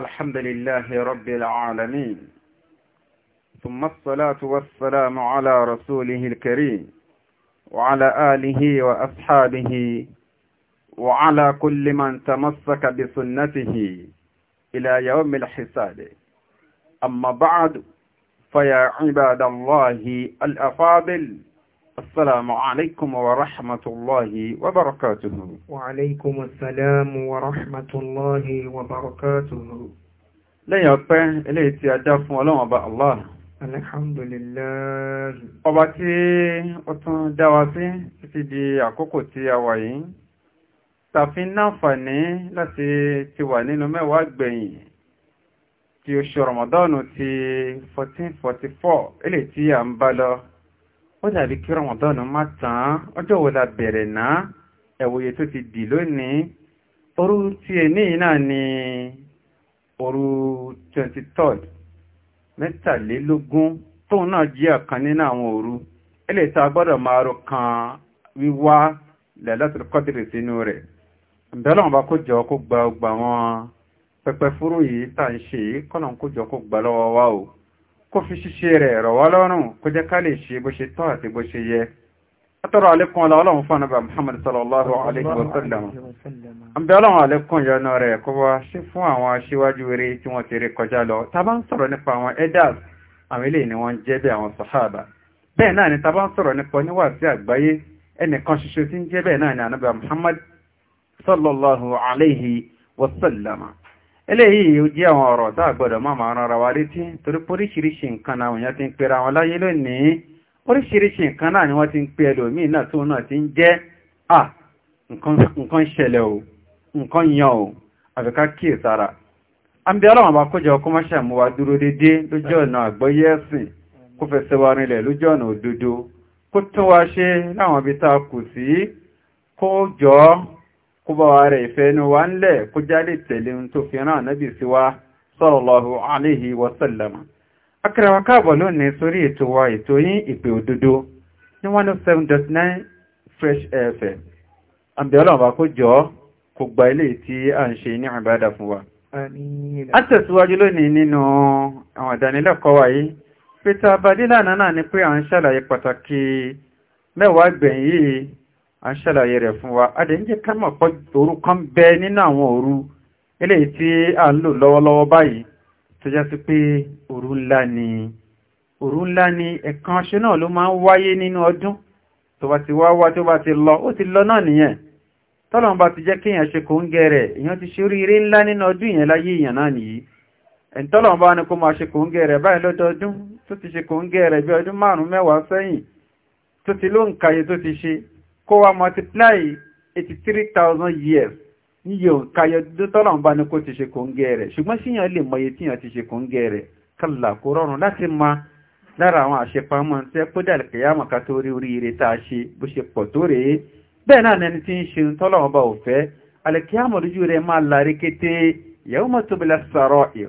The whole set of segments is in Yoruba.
الحمد لله رب العالمين ثم الصلاة والسلام على رسوله الكريم وعلى آله وأصحابه وعلى كل من تمسك بسنته إلى يوم الحساب أما بعد فيا عباد الله الأفاضل السلام عليكم ورحمة الله وبركاته وعليكم السلام ورحمة الله وبركاته lẹ́yìn ọpẹ́ ilé tí a dá fún ọlọ́wọ̀n bá Allah alhamdulillah ọba tí ó tún dá wa sí títí di àkókò tí a wà yìí tàfin náfàní láti ti wà nínú mẹ́wàá gbẹ̀yìn tí oṣù Ramadan ti 1444 ilé tí a ń bá lọ ó dàbí kí Ramadan má tán ọjọ́ wo la bẹ̀rẹ̀ náà ẹ̀wòye tó ti dì lónìí òru tí ẹ ní náà ni òru 23 mẹ́tàlélógún tóun náà jẹ́ ọ̀kan nínú àwọn òru ẹlẹ́ta gbọ́dọ̀ máa ro kan wíwá lẹ́lẹ́tìrì kọ́dìrì sínú rẹ̀ ìbẹ́lọ́wọ́n bá kó jọ kó gba ọgbà wọn pẹpẹ fúrú yìí tà ń ṣe kọ́nà kó kó gbà lọ́wọ́ wa o kó fi ṣíṣe rẹ̀ rọ̀wọ́ lọ́rùn kó jẹ́ ká lè ṣe bó ṣe tọ́ àti bó ṣe yẹ. Atọ́rọ alékún ọlọ́run fún ọ̀nàbà Muhammad sallallahu alaihi wa sallam. Àbí ọlọ́run alékún yọnu rẹ̀ kó wá ṣe fún àwọn aṣíwájú eré tí wọ́n ti rí kọjá lọ. Ta bá ń sọ̀rọ̀ nípa àwọn edas, àwọn ilé ni wọ́n jẹ́ bí àwọn sàhábà. Bẹ́ẹ̀ náà ni ta ń sọ̀rọ̀ nípa níwà sí àgbáyé, ẹnìkan ṣoṣo tí ń jẹ́ bẹ́ẹ̀ náà ni ànàbà Muhammad sallallahu alaihi wa sallam. eléyìí ó jẹ́ àwọn ọ̀rọ̀ tá àgbọ̀dọ̀ máa ma rán ra wa létí torí oríṣiríṣi nǹkan náà ti ń pera wọn láyé lónìí oríṣiríṣi nǹkan náà ni wọ́n ti ń pe ẹlòmíì náà tó náà ti ń jẹ́ nǹkan ṣẹlẹ̀ o nǹkan yan o àfikà kíyè wa kó bá wa rẹ̀ ìfẹ́ inú wa ń lẹ̀ kó jáde tẹ̀lé ohun tó fi rán ànábì sí wa sallallahu alayhi wa akẹrẹwà káàbọ̀ lónìí sórí ètò wa ètò yín ìpè òdodo ní 107.9 fresh fm àbí ọlọ́run bá kó jọ kó gba ilé tí a ń ṣe ní ìbádà fún wa. a tẹ̀síwájú lónìí nínú àwọn ìdánilẹ́kọ̀ọ́ wa yìí peter abadilana náà ni pé à ń ṣàlàyé pàtàkì mẹ́wàá gbẹ̀yìn yìí a ń ṣàlàyé rẹ̀ fún wa a dẹ̀ ń jẹ́ ká mọ̀ pọ̀ òru kan bẹ nínú àwọn òru eléyìí tí a ń lò lọ́wọ́lọ́wọ́ báyìí tó já sí pé òru ńlá ni òru ńlá ni ẹ̀kan ṣe náà ló máa ń wáyé nínú ọdún tó bá ti wá tó bá ti lọ ó ti lọ náà nìyẹn tọ́lọ̀n bá ti jẹ́ kí èèyàn ṣe kò ń gẹ̀rẹ̀ èèyàn ti ṣe oríire ńlá nínú ọdún ìyẹn láyé èèyàn náà nìyí ẹ̀n tọ́lọ̀n bá ní kó máa ṣe kò ń gẹ̀rẹ̀ báyìí lọ́dọọdún tó ti ṣe kò ń gẹ̀rẹ̀ bí ọdún márùn-ún mẹ́wàá sẹ́yìn tó ti ló ń kàyè tó ti ṣe kó wa multiply 83,000 three thousand years yọdún tọ́lọ̀ ń bá ní kó ti ṣe kòǹgẹ́ rẹ̀ ṣùgbọ́n síyàn lè mọye tíyàn ti ṣe kòǹgẹ́ rẹ̀ kàlà kó rọrùn láti ma lára àwọn àṣepamọ́ ń tẹ́ kó dàlẹ̀ kìyàmọ̀ ká tó rí oríire tá a ṣe bó ṣe pọ̀ tó rèé bẹ́ẹ̀ náà nẹni tí ń ṣe tọ́lọ̀ ọba òfẹ́ alẹ́kìyàmọ̀ lójú rẹ̀ máa lárí kété yawma tubla sarair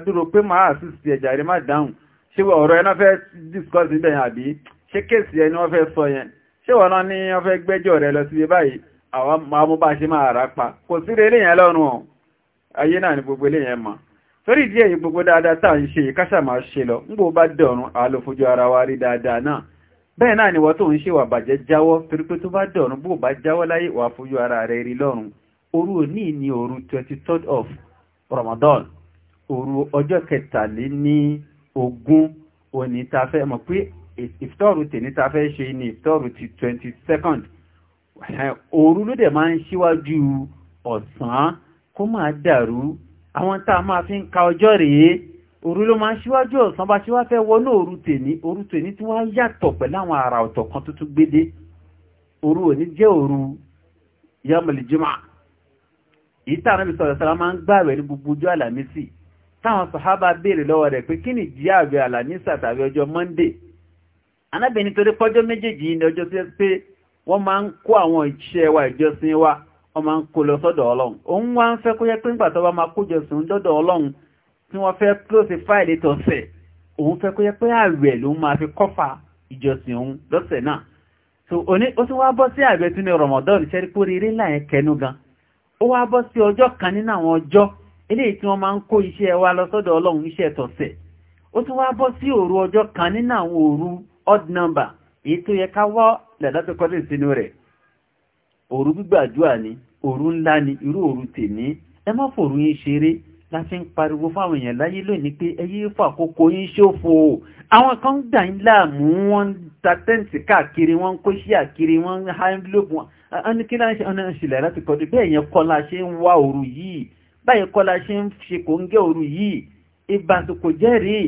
dúró pé máa àsìsì ẹ̀jà rí má dáhùn ṣé ọ̀rọ̀ ẹ̀ náà fẹ́ discuss níbẹ̀ yẹn àbí ṣé kéèsì ẹni wọ́n fẹ́ sọ yẹn ṣé wọ́n náà ní wọ́n fẹ́ gbẹ́jọ́ rẹ̀ lọ síbi báyìí àwọn amú bá ṣe máa rà pa kò sí rẹ̀ eléyẹn lọ́rùn ọ̀ ayé náà ni gbogbo eléyẹn mọ̀ torí díẹ̀ yìí gbogbo dáadáa tá à ń ṣe ìkáṣà máa ṣe lọ ń gbogbo bá dọ̀rùn àlòfojú ara wa rí dáadáa náà bẹ́ẹ̀ náà ni wọ́n tó ń ṣe wà bàjẹ́ jáwọ́ torí pé tó bá dọ̀rùn bó bá jáwọ́ láyé wà fojú ara rẹ̀ rí lọ́rùn òru òní ni òru 23rd of Ramadan òru ọjọ́ kẹtàlé ní ogún òní ta fẹ́ mọ̀ pé ìfitọ́rù tèmi ṣe ní ìfitọ́rù ti twenty second oru ló dẹ̀ máa ń ṣíwájú ọ̀sán kó máa dàrú àwọn tá a máa fi ń ka ọjọ́ rèé òru ló máa ń ṣíwájú ọ̀sán bá ṣe wá fẹ́ wọnú òru tèmi oru tèmi tí wọ́n á yàtọ̀ pẹ̀lú àwọn àrà ọ̀tọ̀ kan tó gbédé òru òní jẹ́ òru yamul ìtàn Ànábì sallallahu máa ń gbààwẹ̀ ní gbogbo ọjọ́ àlàmísì táwọn sàhábà béèrè lọ́wọ́ rẹ̀ pé kí ni ìjìyà àwẹ̀ àlàmísà tàbí ọjọ́ monday anábìnrin torí pọ́jọ́ méjèèjì ní ọjọ́ sí pé wọ́n máa ń kó àwọn iṣẹ́ wa ìjọsìn wa wọ́n máa ń kó lọ sọ́dọ̀ ọlọ́run òun wá ń fẹ́ kó yẹ pé nígbà tó bá máa kó jọsìn dọ́dọ̀ ọlọ́run tí wọ́n fẹ́ close fáìlì tọ̀sẹ̀ òun fẹ́ kó yẹ pé àwẹ̀ ló máa fi kọ́fà ìjọsìn òun lọ́sẹ̀ náà so òní ó tún wá bọ́ sí àwẹ̀ tún ní rọmọdọ́ọ̀nù ṣẹ́rí pé orí eré ńlá yẹn kẹnu ele tí wọ́n máa ń kó iṣẹ́ wa lọ sọ́dọ̀ ọlọ́run iṣẹ́ tọ̀sẹ̀ ó tún wá bọ́ sí òru ọjọ́ kan nínú àwọn òru odd number èyí tó yẹ ká wọ́ lẹ́dọ́tọ́ kọ́lé sínú rẹ̀ òru gbígbàdúrà ni òru ńlá ni irú òru tèmi ẹ má fòru yín ṣeré la ń pariwo fáwọn èèyàn láyé lónìí pé wọn ń ta tẹ́ǹtì káàkiri wọn ń kó wọn ha wọn kí ọ̀nà láti kọ́ bẹ́ẹ̀ la ṣe ń wá òru yìí báyìí kọ́lá ṣe ń ṣe kò ń gẹ́ òru yìí ìbàsùkò jẹ́rìí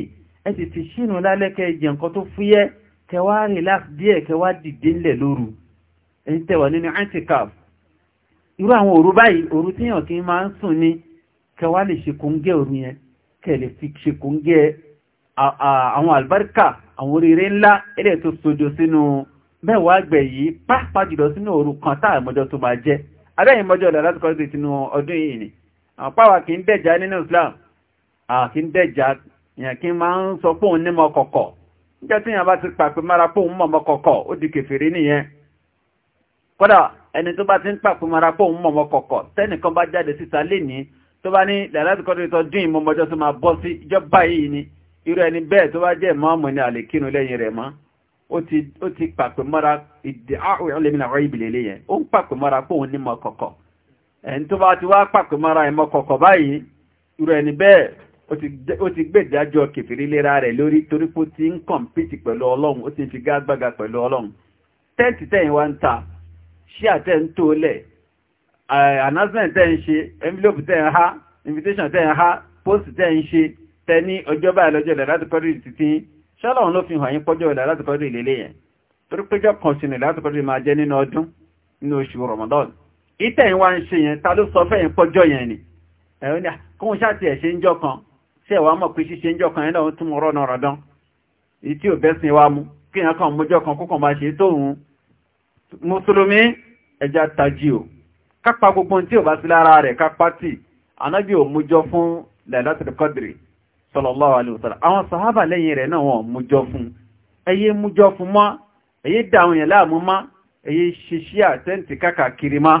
ẹ sì ti ṣínú lálẹ́kẹ́ jẹ nǹkan tó fúyẹ́ kẹwàá relax díẹ̀ kẹwàá dìde ńlẹ̀ lóru ẹni tẹwà nínú antikaf irú àwọn òru báyìí òru tíyàn kí máa ń sùn ni kẹwàá lè ṣe kò ń gẹ́ òru yẹn kẹlẹ̀ fi ṣe kò ń gẹ́ àwọn àlùbáríkà àwọn oríire ńlá ẹ̀rẹ́ tó sojo sínú mẹ́wàá àgbẹ̀ yìí pàápàá jùlọ sínú òru kan táà mọ́jọ́ tó máa jẹ́ abẹ́yìn mọ́jọ́ láti kọ́ sí tinú ọdún yìí ni àpáwà kí ń bẹ̀jà nínú Islam àkí ń bẹ̀jà yẹn kí máa ń sọ pé òun ní mọ kọ̀kọ̀ níjẹ́ tí yẹn bá ti pàpẹ mara pé òun mọ̀ mọ kọ̀kọ̀ ó di kèfèrí nìyẹn kódà ẹni tó bá ti ń pàpẹ mara pé mọ̀ mọ kọ̀kọ̀ tẹ́nìkan bá jáde síta lénìí tó bá ní láti ni irú ẹni bẹ́ẹ̀ tó bá jẹ́ ìmọ̀ọ́mù ní àlèkínu lẹ́yìn rẹ̀ mọ́ ó ti pàpẹ mara ìdí àwọn ìlẹ́mìnà ọ̀rọ̀ ẹni tó bá ti wá pàpẹ mọ́ra ẹmọ kọ̀kọ̀ báyìí ẹni bẹ́ẹ̀ ó ti gbèdájọ́ lera rẹ̀ lórí torí pé ó ti ń kọ̀mpìtì pẹ̀lú ọlọ́run ó ti fi gágbága pẹ̀lú ọlọ́run tẹ́ǹtì tẹ́yìn wá ń ta ṣí lẹ̀ announcement tẹ́ ń ṣe envelope tẹ́ ń invitation tẹ́ ń há post tẹ́ ń ṣe tẹ́ ní ọjọ́ báyìí lọ́jọ́ ilẹ̀ láti kọ́rí títí ṣọ́lọ́run ló fi hàn yín Ramadan ìtẹ̀ ìwà ń ṣe yẹn ta ló sọ fẹ́ yẹn pọ́jọ́ yẹn ni ẹ̀rọ ní kóhun ṣáàtì ẹ̀ṣẹ́ ń jọ kan ṣe ìwà mọ̀ pé ṣíṣe ń jọ kan yẹn náà tún mọ̀ rọ́nà rọ̀dán èyí tí ò bẹ́sìn wa mú kí yẹn kan mójọ́ kókàn máa ṣe tóhun mùsùlùmí ẹja tají o kápá gbogbo tí ò bá sí lára rẹ̀ kápá tì ànábì ò mójọ́ fún lailatul qadri sallallahu alaihi wasallam àwọn sàhábà lẹ́yìn rẹ̀ náà wọ́n mójọ́ fún ẹyẹ mójọ́ fún mọ́ ẹyẹ dàwọn yẹn láàmú àtẹ́ǹtì káàkiri mọ́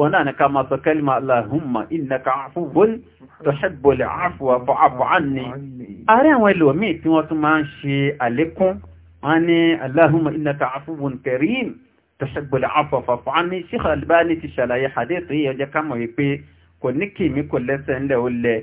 ọ̀nà ni ká máa sọ kẹ́lìmà Allahumma innaka afuwun tuhibbul afwa fa'fu anni ààrẹ àwọn ẹlòmí tí wọ́n tún máa ń ṣe àlékún wọ́n ní Allahumma innaka afuwun karim tuhibbul afwa fa'fu anni Sheikh Albani ti ṣàlàyé hadith yìí ọjọ́ kámọ̀ wípé kò ní kì mí kò lẹ́sẹ̀ ńlẹ̀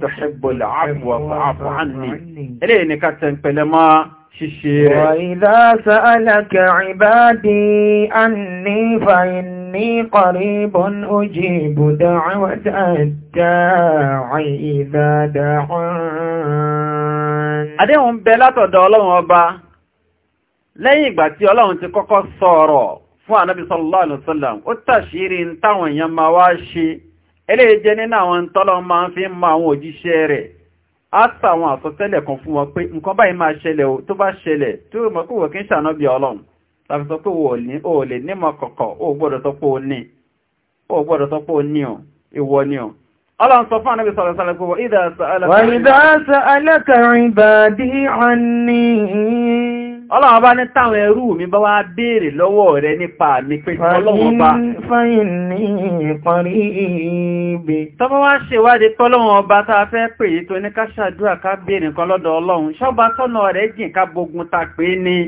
tuhibbul afwa fa'fu anni eléyìí ni ká tẹ́ ń pẹ̀lẹ́ mọ́ ṣíṣe rẹ̀. wa idha sa'alaka ibadi anni fa inni qaribun ujibu da'wata ad-da'i idha da'an. Adéhùn bẹ látọ̀dọ̀ Ọlọ́run ọba lẹ́yìn ìgbà tí Ọlọ́run ti kọ́kọ́ sọ̀rọ̀ fún Ànábì sallallahu alaihi wasallam ó tàṣírí táwọn èèyàn máa wá ṣe eléyìí jẹ́ nínú àwọn tọ́lọ máa fi ń mọ àwọn òjíṣẹ́ rẹ̀ á sàwọn àsọtẹ́lẹ̀ kan fún wọn pé nǹkan báyìí máa ṣẹlẹ̀ tó bá ṣẹlẹ̀ tó mọ̀ kó wọ̀ ń bí ọlọ́run sọ o lè nímọ̀ kọ̀kọ̀ o gbọ́dọ̀ sọ pé o ní o ìwọ ní o ọlọ́run sọ ọlọ́wọ́ bá ní táwọn ẹrú mi bá wá béèrè lọ́wọ́ rẹ nípa mi pé ọlọ́wọ́ bá fáyín ní ìparí ìgbé tọ́bọ́ wá ṣèwádìí tọ́lọ́wọ́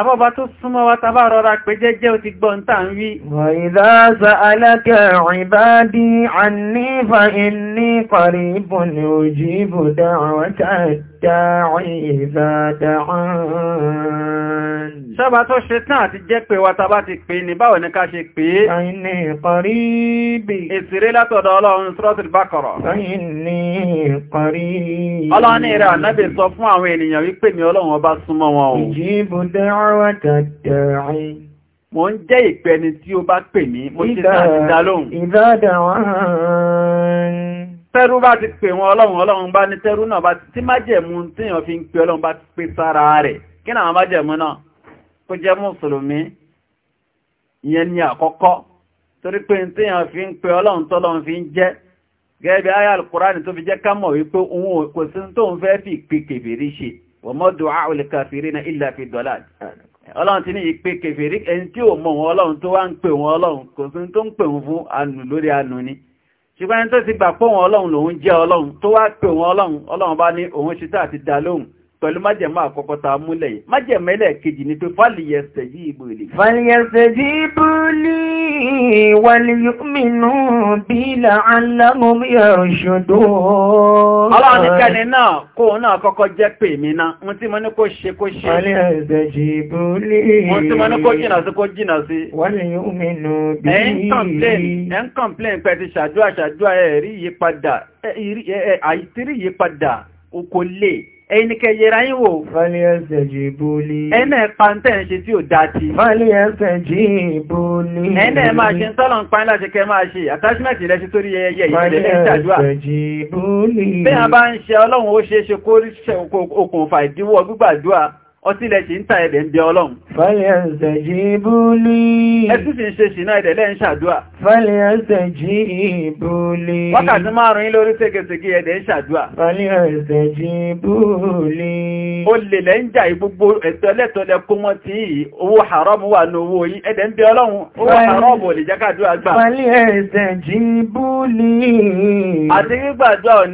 abọ́ba tó súnmọ́ wa tàbá rọra pé jẹ́jẹ́ ò ti gbọ́n tàà ń wí. wa idha sa'alaka ibadi anni fa inni qaribun ujibu da'watad dáàrin ìzà dáàrin. Ṣọ́bà tó ṣe tán àti jẹ́ pé wa tàbá ti pè ní báwo ni ká ṣe pè é. Ṣáyínní ìparíbì. Ìsìrí látọ̀dọ̀ Ọlọ́run Suratul Baqara. Ṣáyínní ìparíbì. Ọlọ́run ìrẹ̀ ànábì mi Ọlọ́run ọba súnmọ́ wọn o. Ìjíbù dáwàtà dáàrin. Mo ń jẹ́ ìpẹni tẹ́rú bá ti pè wọn ọlọ́run ọlọ́run bá ní tẹ́rú náà bá tí májẹ̀mú tíyàn fi ń pè ọlọ́run bá ti pè sára rẹ̀ kí náà májẹ̀mú náà kó jẹ́ mùsùlùmí ìyẹn ni àkọ́kọ́ torí pé tíyàn fi ń pè ọlọ́run tọ́lọ́run fi ń jẹ́ gẹ́gẹ́ bí ayé alukùránì tó fi jẹ́ ká wípé òun kò sí tó ń fẹ́ fi ìpè kèfèrí ṣe wa ma du'a'u l-kafirina illa fi dalal ọlọ́run ti ní ìpè kèfèrí ẹni tí ò mọ̀ wọn ọlọ́run tó wá ń pè wọn ọlọ́run kò sí tó ń pè wọn fún ànù lórí ànù ni ṣùgbọ́n tó ti gbà pé òun ọlọ́run lòun jẹ́ ọlọ́run tó wá pè òun ọlọ́run ọlọ́run bá ní òun ṣiṣẹ́ àti dá lóhùn pẹ̀lú májẹ̀má àkọ́kọ́ ta múlẹ̀ yìí májẹ̀má ẹlẹ́ẹ̀kejì ni pé fàlìyẹsẹ̀ yí ìbò lè fàlìyẹsẹ̀ yí ìbò lè wàlìyùmínú bí làálàmùm yàrùṣòdó ọlọ́ọ̀nìkẹ́ni náà kó náà kọ́kọ́ jẹ́ pè mí ní kó bí ẹ̀ ń ti ṣàdúrà ṣàdúrà ẹ̀rí yípadà ẹ̀rí yípadà okòó lè ẹni kẹyẹra yín wò fàlíẹ̀ẹ́sẹ̀ jí bóòlì ẹnẹ́ pàntẹ́ ṣe tí ò dá ti fàlíẹ̀ẹ́sẹ̀ jí bóòlì ẹnẹ́ máa ṣe tọ́lọ̀ ń pa ńlá ṣe kẹ máa ṣe attachment ilẹ̀ ṣe torí ẹyẹ ìṣẹ̀lẹ̀ ọtí ilẹ̀ ṣe ń ta ẹ̀dẹ̀ ń bẹ ọlọ́run. fàlẹ́ẹ̀sẹ̀ jí búlí. ẹtí sì ń ṣe ṣìnà ẹ̀dẹ̀ lẹ́ ń ṣàdúà. fàlẹ́ẹ̀sẹ̀ jí búlí. wákàtí márùn-ún lórí ségesège ẹ̀dẹ̀ ń ṣàdúà. fàlẹ́ẹ̀sẹ̀ jí búlí. ó lè lẹ́ ń jà gbogbo ẹ̀tọ́ ẹlẹ́tọ́lẹ̀ lè jẹ́ kàdúrà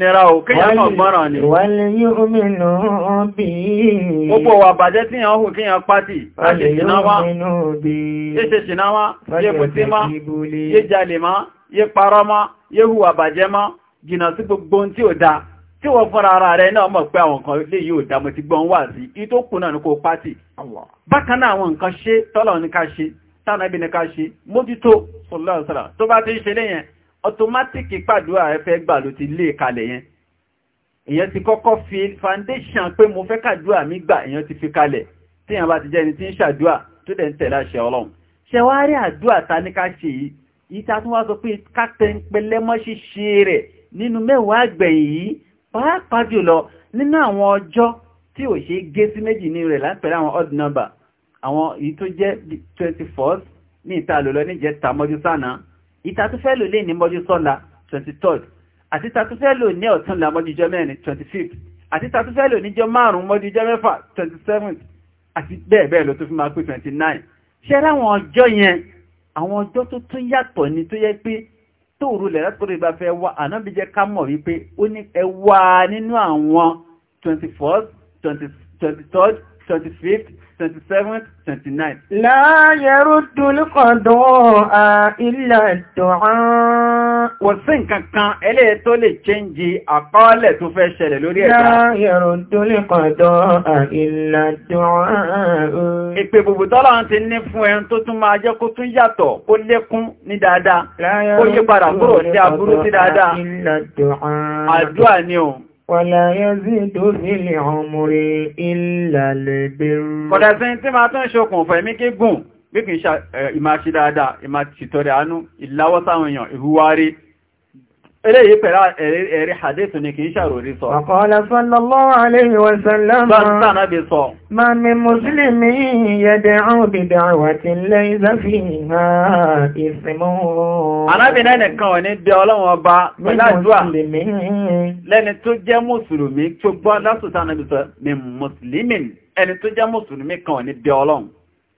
náà gbọ́ràn ni. wàlẹ́ yóò mìíràn bàjẹ́ tí yàn hù kí yàn pàtì láti ṣìnáwá ṣe ṣìnáwá yẹ pẹ̀tí má yẹ jalè má yẹ parọ́ má yẹ hùwà bàjẹ́ má jìnà sí gbogbo tí ò dá tí wọ́n fọ́nra ara rẹ̀ náà mọ̀ pé àwọn kan lè yóò dámọ̀ ti gbọ́n wà sí ìtó kù náà ní kò pàtì bákan náà àwọn nǹkan ṣe tọ́lọ̀ ní ká ṣe tánàbí ní ká ṣe mójútó sọ̀lọ́sọ̀lá tó bá ti ṣe léyẹn ọtọmátìkì pàdúrà ẹfẹ́ gbà ló ti lé kalẹ̀ yẹn èyàn ti kọ́kọ́ fi foundation pé mo fẹ́ kàdúà mi gbà èyàn ti fi kalẹ̀ tí èyàn bá ti jẹ́ ẹni tí ń ṣàdúà tó dẹ̀ ń tẹ̀lé àṣẹ ọlọ́run ṣe wá rí àdúà ta ní ká ṣe yìí ìta tún wá sọ pé kápẹ́ ń pẹlẹ́ mọ́ ṣíṣe rẹ̀ nínú mẹ́wàá àgbẹ̀yìn yìí pàápàá jùlọ nínú àwọn ọjọ́ tí ò ṣe gé sí méjì ní rẹ̀ láńpẹ̀lẹ́ àwọn odd number àwọn èyí tó jẹ́ 24th ní ìta lò lọ níjẹ́ ta mọ́jú sánà ìta tó fẹ́ lò lé ní mọ́jú sọ́la 23rd àti tatúfẹ́lò ní ọ̀tún là mọ́díjọ́ mẹ́rin 25th àti tatúfẹ́lò níjọ́ márùn-ún mọ́díjọ́ mẹ́fà 27th àti bẹ́ẹ̀ bẹ́ẹ̀ lọ tó fi máa pé 29 ṣe ráwọn ọjọ́ yẹn àwọn ọjọ́ tó tún yàtọ̀ ni tó yẹ pé tóòrù lẹ̀ látòrí bá fẹ́ wá ànábì jẹ́ ká mọ̀ wípé ó ní ẹ wá nínú àwọn 24th 23 25th, 27th, 29th. لا يرد القضاء إلا الدعاء. Kò sí nǹkan kan ẹlẹ́ tó lè ṣẹ́ǹjì لا يرد القضاء إلا الدعاء. Ìpè gbogbo tọ́lá ń ti ní fún ẹn tó tún máa jẹ́ kó tún yàtọ̀ kó lékún Wàlá yẹ́zí tó nílé ọmọrí ìlàlẹ̀ bẹ̀rù. Kọ̀dá sí tí máa tán ṣokùn fẹ̀mí kí gùn, bí kìí ṣe ìmáṣí dáadáa, ìmáṣí tọrẹ àánú, ìláwọ́sáwọn èèyàn, ìhúwárí, eléyìí pẹ̀lá ẹ̀rí hadith ni kìí ṣàròrí sọ. Àkọọ́lẹ̀ sallallahu alayhi wa sallam. Sọ́nà bí sọ. Ma min muslimi yad'u bi da'watin laysa fiha ismun. Arábìnrin ẹnìkan ò ní bí ọlọ́wọ́n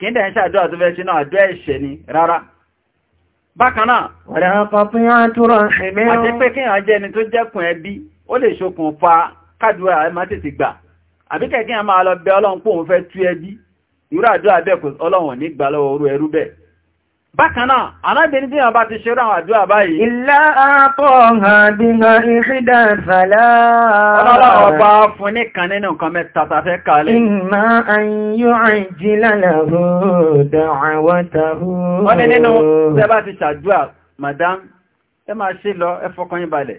kíndẹ̀ ń ṣàdúrà tó fẹ́ ṣe náà àdúrà ẹ̀ṣẹ̀ ni rárá bákanáà wọ̀lẹ̀ àpapín àtúrà ṣẹ̀mẹ́ àti pé kíyàn jẹ́ ẹni tó jẹ́kùn ẹbí ó lè ṣokùnfà kádùrà ẹ má tètè gbà àbí kẹ́kíyàn máa lọ bẹ ọlọ́run pòun fẹ́ tú ẹbí irú àdúrà bẹ́ẹ̀ kò ọlọ́run ní gbà lọ́wọ́ orú ẹrú bákanáà alábìnrin tí wọ́n bá ti ṣe ráwọn àdúrà báyìí ilá àpọ̀ àbínà ìfìdà ìfàlá ọlọ́lọ́ ọba fún níkan nínú nǹkan mẹ́ta tàfẹ́ kalẹ̀ iná madam ẹ máa ṣe lọ ẹ fọkàn yín balẹ̀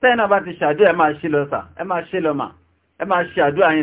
tẹ́ẹ̀nà bá ti ṣàdúrà ẹ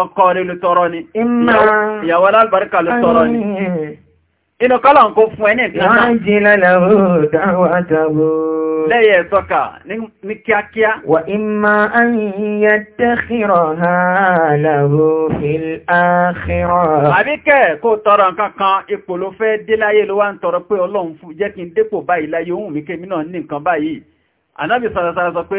ọkọ rẹ̀ ló tọrọ ni ìyàwó alábàríkà ló tọrọ ni inú kọ́lọ̀ kó fún ẹni ìkànnà lẹ́yẹ̀ ẹ̀tọ́ka ní kíákíá wà ìmá ayíyẹ tẹ́kìrọ̀ ha láwọ́ ìlàákìrọ̀ àbíkẹ́ kó tọrọ nǹkankan ipò fẹ́ dé ló wá ń tọrọ pé ọlọ́run fún jẹ́ kí n dépò báyìí láyé ohun mi kémi náà ní nǹkan báyìí anábì sọ̀rọ̀sọ̀rọ̀ pé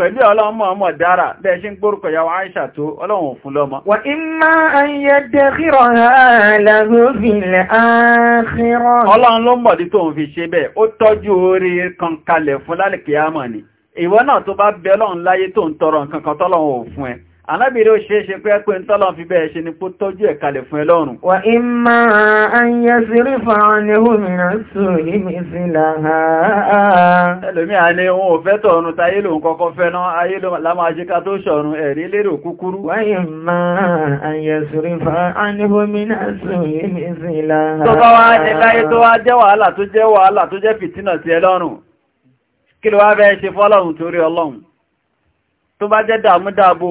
pẹ̀lú ọlọ́mọ ọmọ dára bẹ́ẹ̀ ṣe ń gbórúkọ yàwó Aisha tó ọlọ́run fún lọ́mọ. wà ìmá ayé dẹ́kírọ̀ aláàrẹ́fìlẹ̀ ààkírọ̀. ọlọ́run ló mọ̀dí tó ń fi mọ̀ alábìrí ó ṣeéṣe pé pé ń tọ́lọ̀ fi bẹ́ẹ̀ ṣe ni kó tọ́jú ẹ̀ kalẹ̀ fún ẹlọ́run. wà ìmá ayé sírí fàánì òmìnà sùn ìmì sí láha. ẹlòmí à ní ohun òfẹ́ tọ̀run táyé lòun kọ́kọ́ fẹ́ náà ayé lámájíká tó ṣọ̀run ẹ̀rí lérò kúkúrú. wà ìmá ayé sírí fàánì òmìnà sùn ìmì sí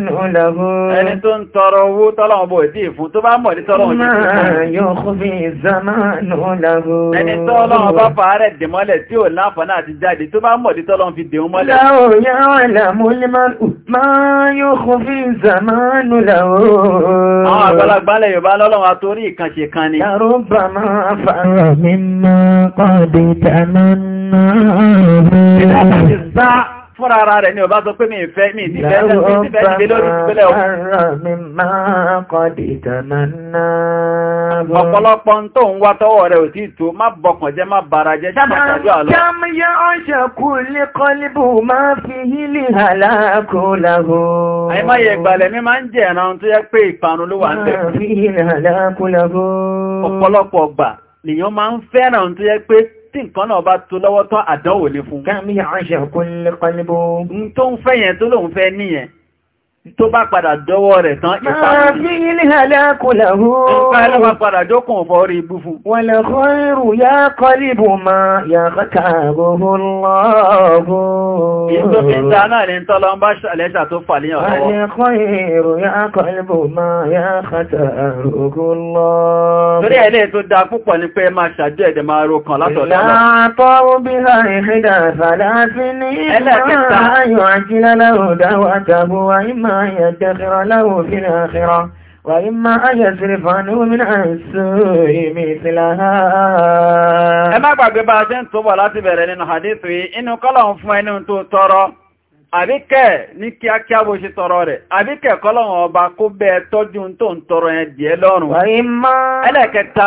lọ́hùlọ́hù. Ẹni tó ń tọrọ owó tọ́lọ́wọ́ bò dì fún tó bá mọ̀ ní tọ́lọ́wọ́ jù fún. Máa yóò ti bí ìzámá lọ́hùlọ́hù. Ẹni tọ́lọ́wọ́ bá fàárẹ̀ dì mọ́lẹ̀ tí ò láǹfààní àti jáde tó bá mọ̀ ní tọ́lọ́wọ́ fi dìun mọ́lẹ̀. Láò yá àlàmú ní máa yóò kú bí ìzámá lọ́hù. Àwọn àgbàlagbà lẹ̀ Yorùbá lọ́lọ́wọ́ àtórí ìkànṣe kan ni. Yàrúbà máa fàárọ̀ fúnra ara rẹ̀ ni ọba sọ pé mi ìfẹ́ mi ìfẹ́ ìfẹ́ lórí ìpínlẹ̀ ọ̀hún. ọ̀pọ̀lọpọ̀ ń tó ń wá bara jẹ́ ṣàbàtàjọ́ àlọ́. jámúyá ọ̀ṣẹ̀ kú lé kọ́líbù máa fi hílì àlàkò làhó. àìmáyé mi máa ń jẹ́ ẹ̀ràn tó yẹ pé ìpanu ló wà ń tẹ̀. ọ̀pọ̀lọpọ̀ gbà lèèyàn máa ń fẹ́ràn tó yẹ pé tí nǹkan náà bá tó lọ́wọ́ tán àdánwò lè fún. káàmì àṣẹ kò lè kọ́ tó ń fẹ́ tó lóun fẹ́ níyẹn tó bá padà dọ́wọ́ rẹ̀ tán ìpàdé. Máa ilé alákùnlẹ̀ hún. Nǹkan ẹlọ́pàá padà jókùn ọ̀fọ́ orí ibú fún. Wọ́n lè kọ́ irú yá kọ́lìbù ma yà kààbò hún lọ́ọ̀bù. Ìjọ fi ń dáná rí ń tọ́lọ ń bá ṣàlẹ́ṣà tó fà níyàn lọ́wọ́. Wọ́n lè kọ́ irú yá kọ́lìbù ma yà kààbò hún lọ́ọ̀bù. Torí ẹ̀lẹ́ tó da púpọ̀ ni pé máa ṣàjọ ẹ̀dẹ̀ máa ro kan látọ̀dọ̀ lọ. Ìlàtọ́rú bí láì ṣídà fàlá sí ní ìmọ̀ ayọ̀ àjílẹ́lẹ́ òdáwà tàbí wáyé má إما أن يدخر له في الآخرة وإما أن يصرف عنه من السوء مثلها ẹ má gbàgbé bá a ṣe ń túbọ̀ láti bẹ̀rẹ̀ nínú hadith yìí inú kọ́lọ̀hún fún ẹni tó tọrọ àbíkẹ́ ní kíákíá bó ṣe tọrọ rẹ̀ àbíkẹ́ kọ́lọ̀hún ọba kó bẹ́ tọ́jú tó ń tọrọ yẹn díẹ̀ lọ́rùn ẹlẹ́kẹta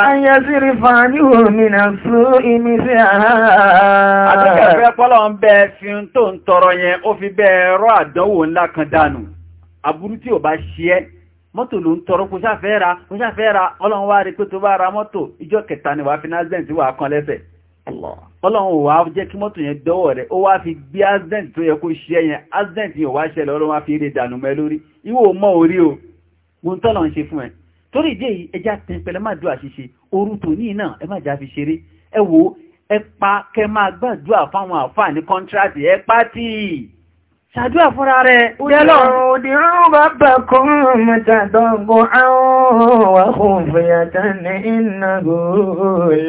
àbíkẹ́ fẹ́ kọ́lọ̀hún bẹ́ fi tó ń tọrọ yẹn ó fi bẹ́ẹ̀ rọ́ àdánwò ńlá kan dànù aburú tí ò bá ṣe ẹ́ mọ́tò ló ń tọrọ kò ṣàfẹ́ ra kò ṣàfẹ́ ra ọlọ́run wá rí pé tó bá ra mọ́tò ìjọ kẹta ni wàá fi ní azẹ́ǹtì wàá kan lẹ́sẹ̀ ọlọ́run ò wá jẹ́ kí mọ́tò yẹn dọ́wọ́ rẹ̀ ó wá fi gbé azẹ́ǹtì tó yẹ kó ṣe yẹn azẹ́ǹtì yẹn wá ṣẹlẹ̀ ọlọ́run wá fi eré dànù mẹ́ lórí ìwọ ò orí o gbọ́n tọ́lọ̀ ń ṣe fún ẹ torí ìdí èyí ẹja tẹ pẹlẹ má dùn àṣìṣe orú tòní náà ẹ má jà fi ṣeré ẹ wo ẹ pa kẹ máa gbàdúrà fáwọn àǹfààní kọ́ńtíráàtì ẹ pa tíì ṣàdúrà fúnra rẹ̀ jẹ́lọ. Òdìrún bàbá kan mẹ́tàdọ́gbọ́ àwọn wà fún fìyàtà ní ìnàgó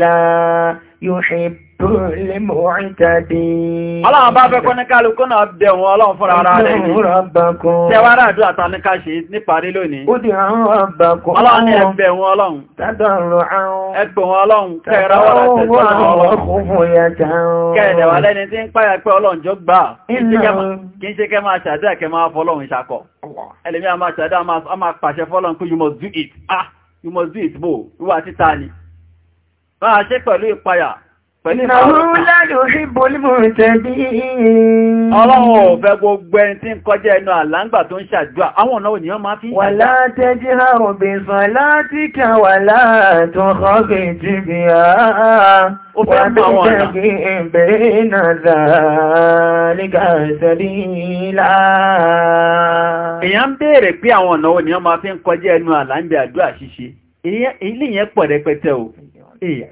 láà. Ọlọ́run bá fẹ́ kọ́ ní kálukú náà dẹ̀ wọn ọlọ́run fún ara rẹ̀ ní. Tẹwàrá àdó àtàníká ṣe níparí lónìí. Ó di àwọn àbàkùn. Ọlọ́run ẹgbẹ̀ wọn ọlọ́run. Tádọ̀rọ̀ àwọn. Ẹgbẹ̀ wọn ọlọ́run. Kẹ́ẹ̀rẹ́ wọ́n rẹ̀ tẹ̀sán ọlọ́run. Kẹ́ẹ̀dẹ̀ wà lẹ́ni tí ń pàyà pé ọlọ́run jọ gbà. Kí ń ṣe kẹ́ máa ṣàdá kẹ́ máa fọ́lọ́run ṣakọ̀. Ẹlẹ́mí a máa ṣàdá a máa pàṣẹ fọ́lọ́run pé you must do it. Ah, you must do it bó. Wíwá títà ni máa ṣe pẹ̀lú ìpayà pẹ̀lú Ọlọ́run ọ̀fẹ́ gbogbo ẹni tí ń kọjá ẹnu àláǹgbà tó ń ṣàdúà, àwọn ọ̀nà òníyàn máa fi ń ṣàdúà. Wà láti jí àrùn bí sọ láti kà wà láàtò ọgbẹ̀ jí bí àá. Ó fẹ́ mọ àwọn ọ̀nà. Wà bí ẹgbẹ̀ iná zàálígà sẹ́lílá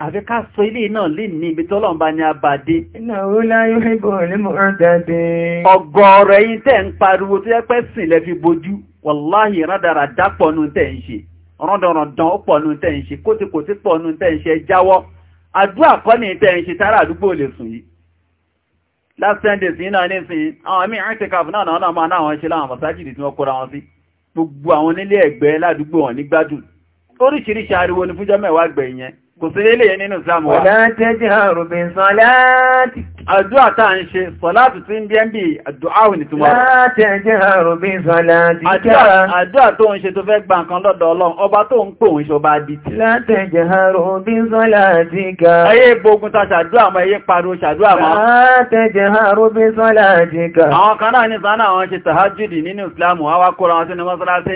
àfi ká sọ ilé náà lè ní ibi tọ́lọ́n bá ní abàdé. ìnáwó láyé ìbò ní mo ń dàdé. ọ̀gọ̀ọ̀rọ̀ yìí tẹ́ ń pariwo tó yẹ pé sìn lẹ fi bojú wàláhì rádàrà dápọ̀ nu tẹ́ ń ṣe rọ́ndọ̀rọ̀dàn ó pọ̀ nu tẹ́ ń ṣe kótíkótí pọ̀ nu tẹ́ ń ṣe jáwọ́ àdúrà kọ́ ni tẹ́ ń ṣe tára àdúgbò lè sùn yìí last ten days yìí náà nísìnyí àwọn míì àti kàfù náà náà máa náà wọn ṣe láwọn masajidi tí wọ́n kóra wọn sí gbogbo àwọn onílé ẹ̀gbẹ́ ládùúgbò wọn ní gbádùn oríṣiríṣi ariwo ni fújọ́ mẹ́wàá gbẹ̀yìn yẹn kò sí lélè yẹn nínú ìsáàmù wa. Ọ̀dá tẹ́jì àrùn bí sọ́láàtì. Àdúrà tá ń ṣe, sọ́láàtì tí ń bí ẹ́ ń bí àdúrà ní túnmọ̀. Ọ̀dá tẹ́jì àrùn bí sọ́láàtì. Àdúrà tó ń ṣe tó fẹ́ gba nǹkan lọ́dọ̀ Ọlọ́run, ọba tó ń pò ń ṣọba dìtì. Látẹ̀jì àrùn bí sọ́láàtì ká. Ayé gbogun ta ṣàdúrà mọ́, ayé pariwo ṣàdúrà mọ́. Látẹ̀jì àrùn bí sọ́láàtì ká. Àwọn kan náà ní sánà àwọn ṣe tàhájùdì nínú ìsìlámù, àwọn akọ́ra wọn sínú mọ́sálásí,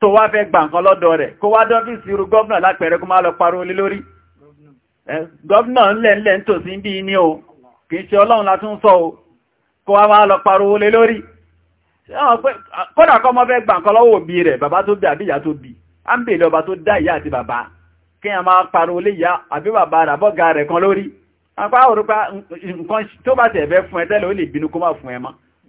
tó wá fẹ́ gbà nǹkan lọ́dọ̀ rẹ̀ kó wá dọ́fíìsì irú gọ́ọ̀nà lápẹẹrẹ kó má lọ parọ́ olé lórí gọ́ọ̀nà ńlẹ̀ńlẹ̀ ń tòsí bí ní o kì í ṣe ọlọ́run la tún sọ o kó wá má lọ parọ́ olé lórí kódà kọ́ mọ́ fẹ́ gbà nǹkan lọ́wọ́ òbí rẹ̀ bàbá tó bí àbí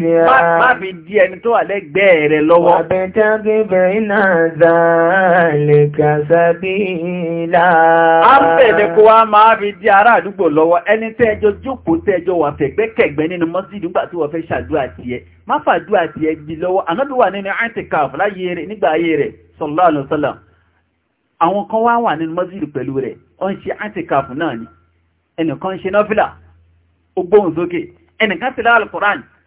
Má fi dí ẹni tó wà lẹ́gbẹ̀ẹ́ rẹ̀ lọ́wọ́. Àbẹ̀tẹ́gì bẹ̀rẹ̀ náà zà lè kàṣà bí ìlà. A ń bẹ̀rẹ̀ kó wá máa fi dí ará àdúgbò lọ́wọ́. Ẹni tẹ́jọ jókòó tẹ́jọ wà fẹ̀gbẹ́kẹ̀gbẹ́ nínú mọ́sídìí nígbà tí wọ́n fẹ́ ṣàdúrà tiẹ̀. Má fàdúrà tiẹ̀ gbi lọ́wọ́. Ànábì wà nínú àìtìkàf láyé Ẹnìkan ń lára al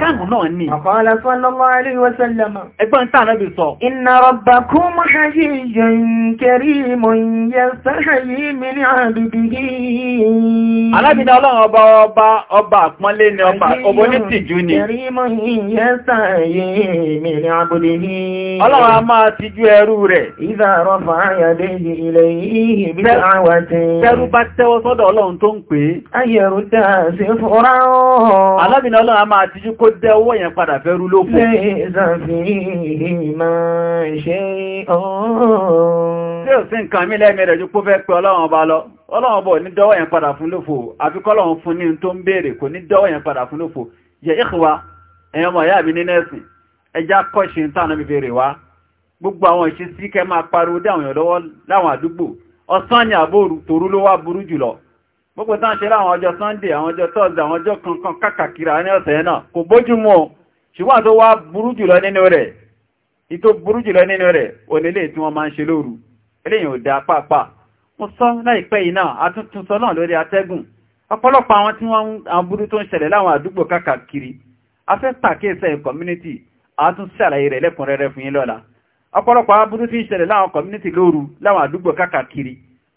Káàmù náà ní. Ẹgbọ́n tàà náà bí sọ. Inna rabbakum hayyun karimun yastahyi min 'abdihi. Alábìdá ọlọ́run Tẹ́rú bá tẹ́wọ́ sọ́dọ̀ ọlọ́run tó ń pè é. Ayẹ̀rú dáa sí fúnra ọ́. Alábìdá ọlọ́run a máa tijú k kó dẹ owó yẹn padà fẹ́ rú lókùn. Lé ìzàfihì máa ṣe ọ̀rọ̀. Tí ò sí nǹkan mí lẹ́mí rẹ̀ ju pó fẹ́ pé ọlọ́run ọba lọ. Ọlọ́run ọba ní dọ́wọ́ yẹn padà fún lófò, àfi kọ́lọ́run fún ní tó ń béèrè kò ní dọ́wọ́ yẹn padà fún lófò. Yẹ ìkùwa, ẹ̀yàn ọmọ ìyá mi ní nẹ́ẹ̀sìn, ẹjá kọ́ṣe ń tànà mi béèrè wá. Gbogbo àwọn ìṣesí kẹ máa pariwo dé àwọn èèyàn láwọn àdúgbò. Ọ̀sán ni àbóòrù tòrú ló wá burú jùlọ gbogbo tán ṣe láwọn ọjọ́ sunday àwọn ọjọ́ thursday àwọn ọjọ́ kankan kákàkiri ní ọ̀sẹ̀ náà kò bójú mu ṣùgbọ́n tó wá burú jùlọ nínú rẹ̀ ìtò burú jùlọ nínú rẹ̀ onílé tí wọ́n máa ń ṣe lóru eléyìn ò dá pàpà mo sọ láìpẹ́ yìí náà atúntúnsọ náà lórí community àtúnṣàlàyé rẹ̀ lẹ́kùnrẹ́rẹ́ fún yín lọ́la ọ̀pọ̀lọpọ̀ aburú tí ń ṣẹlẹ̀ láwọn community lóru láwọn àdúgbò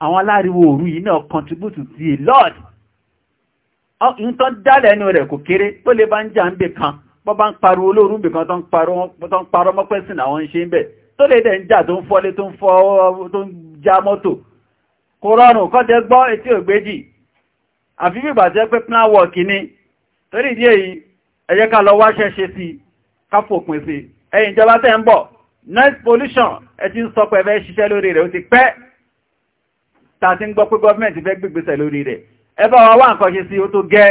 àwọn aláriwo òru yìí náà contribute sí a lot n tán dálẹ̀ ẹnu rẹ̀ kò kéré tó lè bá ń jà ń bè kan bọ́ bá ń pariwo olóòrùn bè kan tó ń parọ́ mọ́pẹ́sìn àwọn iṣẹ́ ń bẹ̀ tó lè dẹ̀ ń jà tó ń fọ́lé tó ń fọ́ tó ń já mọ́tò kò rọrùn kọ́ tẹ gbọ́ etí ògbéjì àfi bí ìgbàjẹ́ pé plan work ni torí ìdí èyí ẹ jẹ́ ká lọ wáṣẹ́ ṣe sí káfòpin sí ẹ̀yìn ìjọba tẹ́ ń bọ̀ noise pollution ẹ ti ń sọ pé ẹ fẹ́ ṣiṣẹ́ lórí rẹ̀ ó ti pẹ́ tàti ń gbọ́ pé gọ́ọ̀mẹ́ntì fẹ́ gbígbésẹ̀ lórí rẹ̀ ẹ bá wa wá nǹkan ṣe sí ó tó gẹ́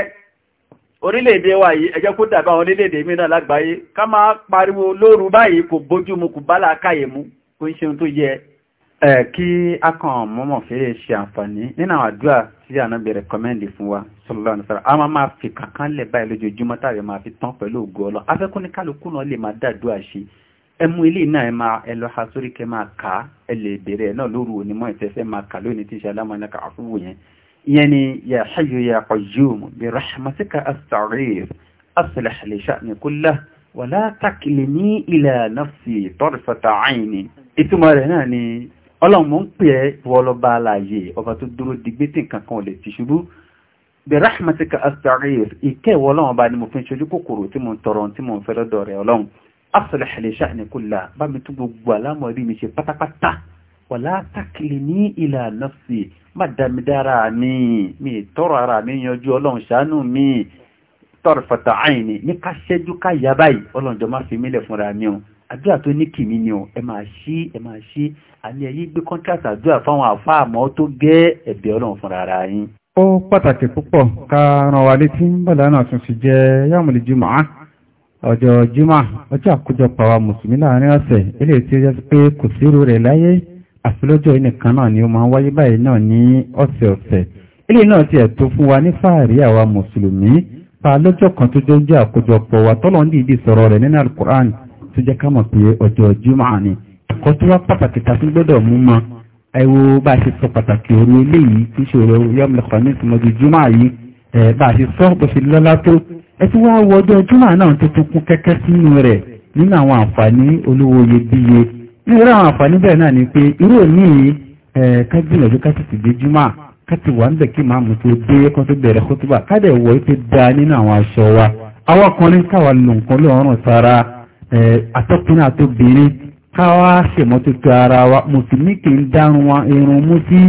orílẹ̀-èdè wa yìí ẹ jẹ́ kó dàbí àwọn orílẹ̀-èdè mìíràn lágbàáyé ká máa pariwo lóru báyìí kò bójú mu kò bá làákàyè mu kò ń ṣe tó yẹ ẹ kí a kàn mọ́mọ́ fèrè ṣe àǹfààní nínú àwọn àdúrà tí ànábì rẹ̀kọ́mẹ́ndì fún wa sallallahu alaihi a máa máa fi kankan lẹ̀ báyìí lójoojúmọ́ tàbí máa fi tán pẹ̀lú ògo Ọlọ́run afẹ́kúnníkálukú náà lè máa dàdúrà ṣe ẹmú ilé náà ẹ máa ẹ lọ ha sórí kẹ máa kà á ẹ lè bèrè ẹ náà lóru onímọ̀ ìtẹ́fẹ́ máa kà lónìí tí ìṣẹ́ alámọ̀ọ́nà kà á fún wò yẹn ìyẹn ni yà hayyu yà qayyum bi rahmatika astaghith aslih li sha'ni kullahu wa la takilni ila nafsi tarfata 'ayni. ìtumọ̀ rẹ̀ náà ni ọlọ́run mò ń pè ẹ́ wọlọ́ba aláàyè ọba tó dúró digbé tí nǹkan kan ò lè ti ṣubú bi rahmatika astaghith ìkẹ́ ìwọ ọlọ́run ọba ni mo fi ń ṣojú kòkòrò tí mo ń tọrọ tí mo ń fẹ́ lọ́dọ̀ rẹ̀ ọlọ́run aslih li sha'ni kullah bá mi tún gbogbo alámọ̀rí mi ṣe pátápátá wala taklini ila nafsi má dámi dára mi mi tọrọ ara mi yanjú ọlọ́run ṣàánú mi tarfata aini ní ká ṣẹ́jú ká yá báyìí ọlọ́run jọ má fi mílẹ̀ fúnra mi o àdúrà tó ní kìmí ni o ẹ máa ṣí ẹ máa ṣí àní ẹyí gbé contract àdúrà fáwọn àfáàmọ́ tó gẹ́ ẹ̀bẹ̀ ọlọ́run fúnra ara yín. ó pàtàkì púpọ̀ ká ràn wá létí bọ́dà náà tún fi jẹ́ yàmùlẹ̀ jùmọ̀ á ọjọ́ jímà ọjọ́ àkójọpọ̀ àwọn mùsùlùmí láàrin ọ̀sẹ̀ ilé tí ó jẹ́ pé kò sírú rẹ̀ láyé àfilójọ́ ìnìkan náà ni ó máa ń wáyé báyìí náà ní ọ̀sẹ̀ ilé náà ti ẹ̀tọ́ fún wa ní fàárí àwa mùsùlùmí pa lọ́jọ́ kan tó jẹ́ àkójọpọ̀ wa tọ́lọ̀ ń dìídì sọ̀rọ̀ rẹ̀ nínú alukur'an tó jẹ́ ká mọ̀ pé ọjọ́ jímà ni ẹ̀kọ́ tó wá pàtàkì tá fi gbọ́dọ̀ mú mọ ẹ wo bá a ṣe sọ pàtàkì òru eléyìí tí ìṣòro yọmọlẹkọ ní ìsìnmọ́jú jímà yìí bá a ṣe sọ bó lọ́lá tó ẹtí wá wọ ọjọ́ júmọ̀ náà tuntun kún kẹ́kẹ́ sínú rẹ̀ nínú àwọn àǹfààní olówó iyebíye nínú àwọn àǹfààní bẹ́ẹ̀ náà ni pé irú òní ká gbìyànjú ká tètè dé júmọ̀ ká ti wà níbẹ̀ kí màmú tó dé kó tó bẹ̀rẹ̀ kótóbà ká dẹ̀ wọ̀ ètò da nínú àwọn aṣọ wa àwọn ọkùnrin káwa lò nǹkan lọ́rùn sára atọ́kùnrin àtòbìnrin káwa ṣèmọ́tótó ara wa mùsùlùmí kì í dárun wa irun mú sí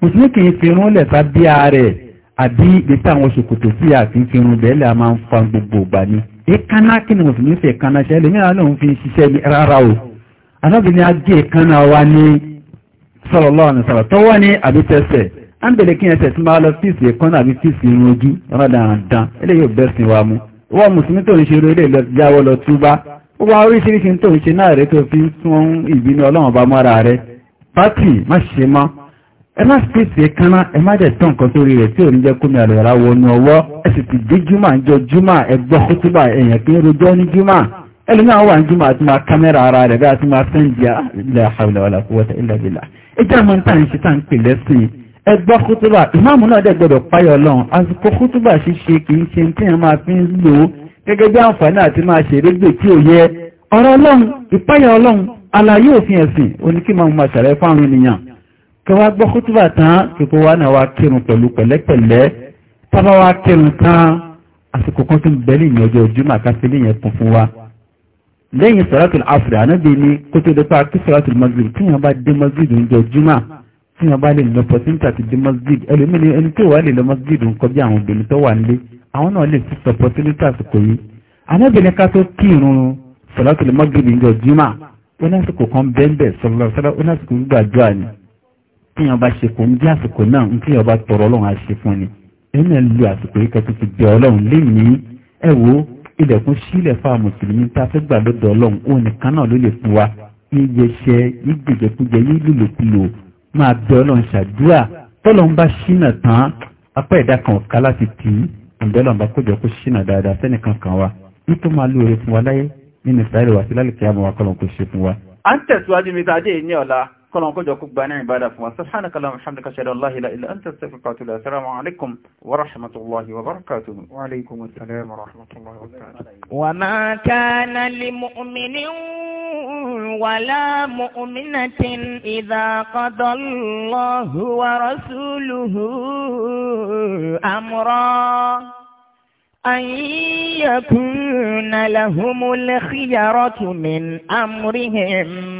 mùsùlùmí kì í fi irun lẹ̀ sábíà rẹ̀ àbí ìgbésẹ̀ àwọn ṣòkòtò sí àfihàn bẹ́ẹ̀lẹ̀ a máa ń fa gbogbo ìgbà ni èékánná kí ni mùsùlùmí fi èékánná ṣe ẹlòmíràn lòun fi ṣiṣẹ́ ní rárá o alábìnrin agé èékánná wa ní sallallahu alaihi wasallam tọwọ́ ní àbí tẹsẹ̀ à ń bẹ̀rẹ̀ kí ẹsẹ̀ tí máa lọ fíìsì èékánná àbí fíìsì irun ojú rádàndàn eléyìí ò bẹ́sìn wa mu wọ́n ẹ má fèsì kánná ẹ má dẹ̀ tán nǹkan sórí rẹ̀ tí ò ní jẹ́ kómi àlùwàlá wọnú ọwọ́ ẹ sì ti dé júmọ̀ àjọ júmọ̀ ẹgbọ́ kútúbà èèyàn kí ń rojọ́ ní júmọ̀ ẹlòmíràn wà ní júmọ̀ àti máa kámẹ́rà ara rẹ̀ bí a ti máa sẹ́ǹdì la hawla wala quwwata illa billah ẹ jẹ́ àwọn tá à ń ṣe tá à ń pè lẹ́sìn ẹgbọ́ kútúbà ìmáàmù náà dẹ̀ gbọ́dọ̀ páyọ̀ lọ́n kí wá gbọ́ kútùbà tán kí kó wá náà wá kírun pẹ̀lú pẹ̀lẹ́pẹ̀lẹ́ tábà wá kírun tán àsìkò kan tó ń bẹ̀lẹ̀ ìyẹn ọjọ́ ojúmọ̀ àkásílẹ̀ yẹn kún fún wa lẹ́yìn sọ̀rọ̀tìl afri ànábì ni kó tó dẹ́pà kí sọ̀rọ̀tìl masjid tí wọ́n bá dé masjid ń jọ ojúmọ̀ tí wọ́n bá lè lọ pọ̀tíntà ti dé masjid ẹlòmíní ẹni tó wà lè lọ masjid ń kọjá àwọn obìnrin tó wà nílé àwọn náà lè fi sọ pọ̀tíntà àsìkò yìí ànábìnrin ká tó kí irun sọ̀rọ̀tìl masjid ń jọ ojúmọ̀ ó ní àsìkò kan bẹ́ẹ̀ bẹ́ẹ̀ sọ̀rọ̀ tí yàn bá ṣe kò ń jẹ́ àsìkò náà ń tí yàn bá tọrọ ọlọ́run àṣẹ fún ni ẹ̀yìn náà lu àsìkò yìí kẹ́tù ti bẹ ọlọ́run lẹ́yìn ẹ wo ilẹ̀kùn sílẹ̀ fáwọn mùsùlùmí tá a fẹ́ gbà lọ́dọ̀ ọlọ́run òun nìkan náà ló lè fún wa yíyẹsẹ yígbèjẹkújẹ yílùlùkulù máa bẹ ọlọ́run ṣàdúrà tọ́lọ́run bá ṣínà tán apá ẹ̀dá kan ọ̀ká láti tì í ìbẹ́lọ̀ bá kójọ kó ṣínà dáadáa sẹ́nìkan kan wa nítorí máa lóore fún wa láyé nínú ìsáyẹ̀lẹ̀ wà sí lálẹ́ kí á mọ̀ wá kọ́lọ́n kó ṣe fún wa. à ń tẹ̀síwájú mi tàdé ní ọ̀la kọ́lọ̀n kójọ kó gba náà ìbádà fún wa subhanaka allahumma hamdika shada la ilaha illa anta astaghfiruka wa atubu assalamu alaikum wa rahmatullahi wa barakatuh wa alaikum assalam wa rahmatullahi wa barakatuh wa ma kana li mu'minin ولا مؤمنة إذا قضى الله ورسوله أمرا أن يكون لهم الخيرة من أمرهم